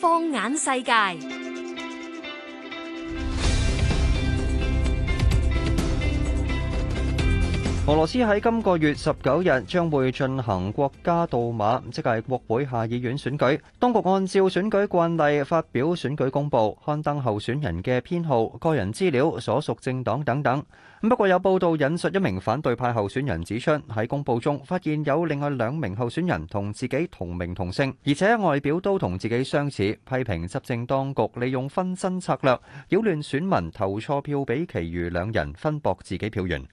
放眼世界。俄羅斯喺今個月十九日將會進行國家杜馬，即係國會下議院選舉。當局按照選舉慣例發表選舉公報，刊登候選人嘅編號、個人資料、所屬政黨等等。不過有報道引述一名反對派候選人指出，喺公報中發現有另外兩名候選人同自己同名同姓，而且外表都同自己相似，批評執政當局利用分身策略擾亂選民投錯票，俾其餘兩人分薄自己票源。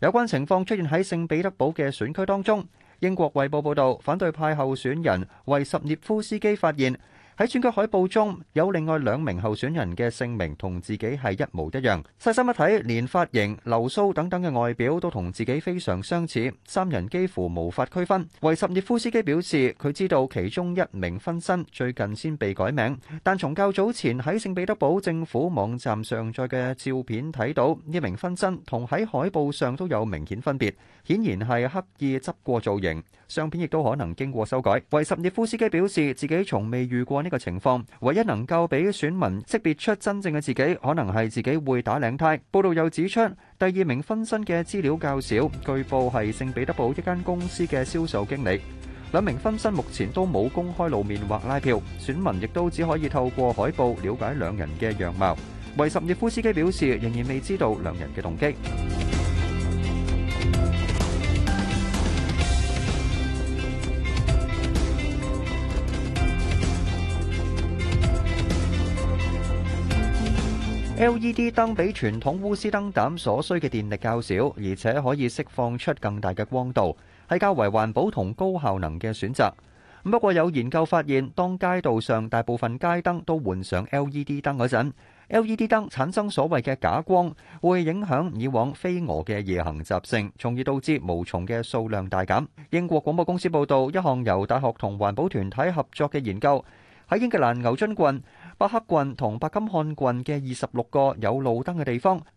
有關情況出現喺聖彼得堡嘅選區當中。英國《衛報》報導，反對派候選人維什涅夫斯基發現。喺選舉海報中有另外兩名候選人嘅姓名同自己係一模一樣，細心一睇，連髮型、流蘇等等嘅外表都同自己非常相似，三人幾乎無法區分。維什涅夫斯基表示，佢知道其中一名分身最近先被改名，但從較早前喺聖彼得堡政府網站上載嘅照片睇到，呢名分身同喺海報上都有明顯分別，顯然係刻意執過造型，相片亦都可能經過修改。維什涅夫斯基表示，自己從未遇過呢個情況，唯一能夠俾選民識別出真正嘅自己，可能係自己會打領呔。報道又指出，第二名分身嘅資料較少，據報係聖彼得堡一間公司嘅銷售經理。兩名分身目前都冇公開露面或拉票，選民亦都只可以透過海報了解兩人嘅樣貌。維什涅夫斯基表示，仍然未知道兩人嘅動機。LED 燈比傳統鎢絲燈膽所需嘅電力較少，而且可以釋放出更大嘅光度，係較為環保同高效能嘅選擇。不過有研究發現，當街道上大部分街燈都換上 LED 燈嗰陣，LED 燈產生所謂嘅假光，會影響以往飛蛾嘅夜行習性，從而導致毛蟲嘅數量大減。英國廣播公司報道，一項由大學同環保團體合作嘅研究喺英格蘭牛津郡。伯克郡同白金漢郡嘅二十六個有路燈嘅地方。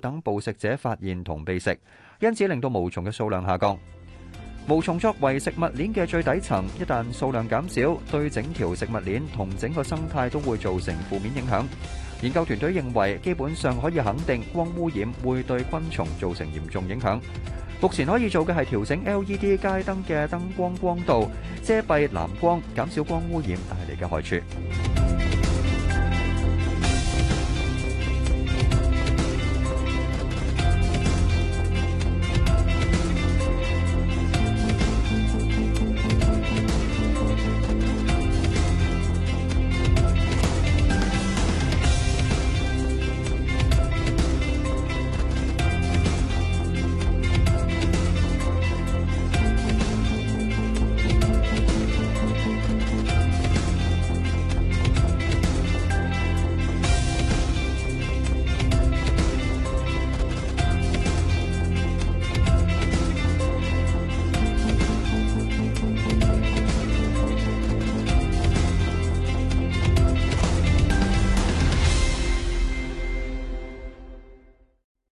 等捕食者發現同被食，因此令到毛蟲嘅數量下降。毛蟲作為食物鏈嘅最底層，一旦數量減少，對整條食物鏈同整個生態都會造成負面影響。研究團隊認為，基本上可以肯定光污染會對昆蟲造成嚴重影響。目前可以做嘅係調整 LED 街燈嘅燈光光度，遮蔽藍光，減少光污染帶嚟嘅害處。